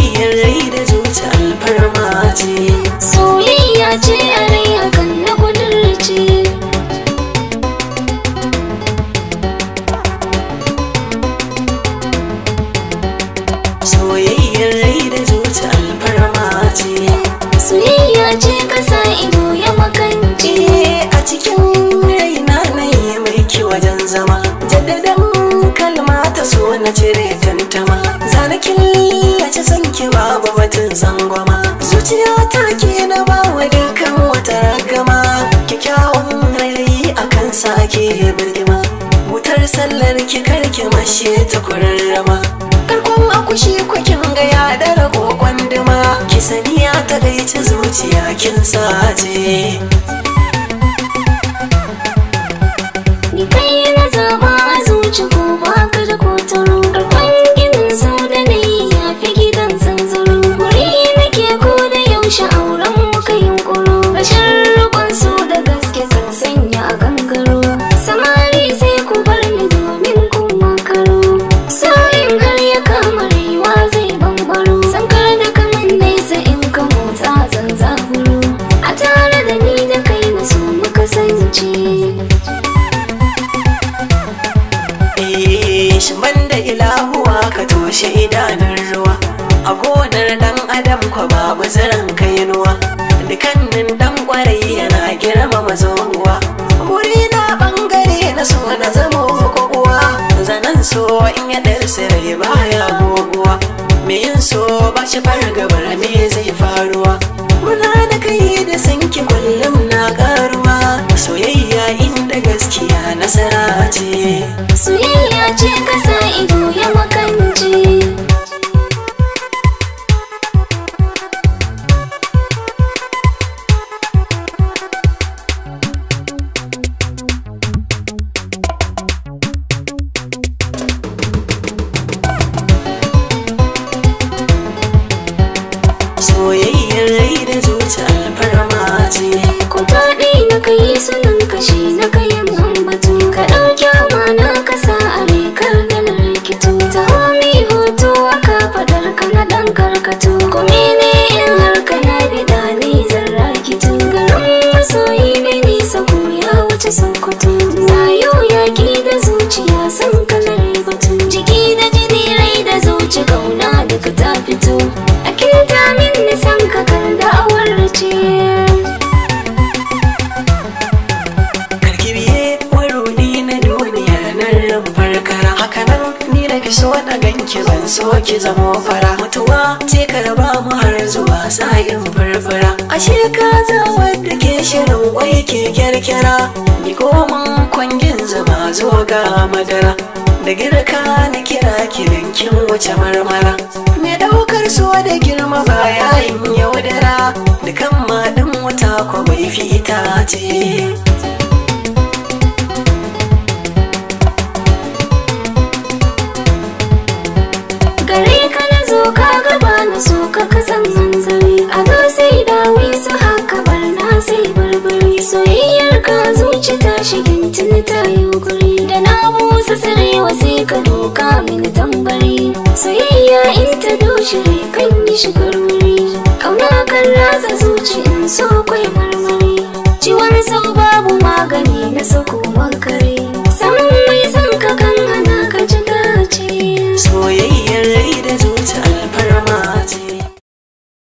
soyayyar rai da zuci alfarma ce soyayya ce a rai akan na kudurce soyayyar rai alfarma ce soyayya ce ido ya makance a cikin raina na yi mai wajen zama jaddadan kalma ta so na cire zuciya ta ke na bawa dukan wata ragama kyakkyawan rayi a kansa ake birgima wutar sallar ki karki mashe ta kurarrama karkon akushi kukin ga ya dara kokon duma ki saniya ta gaici zuciya kin sace shi banda ilahuwa ka toshe idanun ruwa a gonar dan adam kwa babu tsiron kainuwa dukannin dan kwarai yana girmama zonguwa wuri na bangare na so na zamo kokowa zanen so in ya darsa rai baya goguwa me yin so ba shi fargabar me zai faruwa muna da kai da sanki kullum na karuwa soyayya inda gaskiya nasara ce soyayya ce kasa ido ya makanci. soyayyar rai da zuciya alfarma ce ku faɗi na kai sunan kashi na ta sokoto yaƙi da zuciya san kalar batun jiki da jini rai da zuci kauna daga ta fito a kirta min nisan kakar da awarce karkiriye waruni na duniya nan rumfar kara hakanan ni da so na ganki ban so ki zama fara mutuwa ashe ka zawa da ke shirin kwai ke kyarkyara ni komin kwangin zama zo ga madara da girka na kira kilinkin wuce marmara mai daukar su da girma ba yayin yaudara da kan maɗin wuta ko bai fita ce ita dushe kan yi shigar wuri kauna kan ratsa zuci in so kai marmari ciwon sau babu magani na sako kare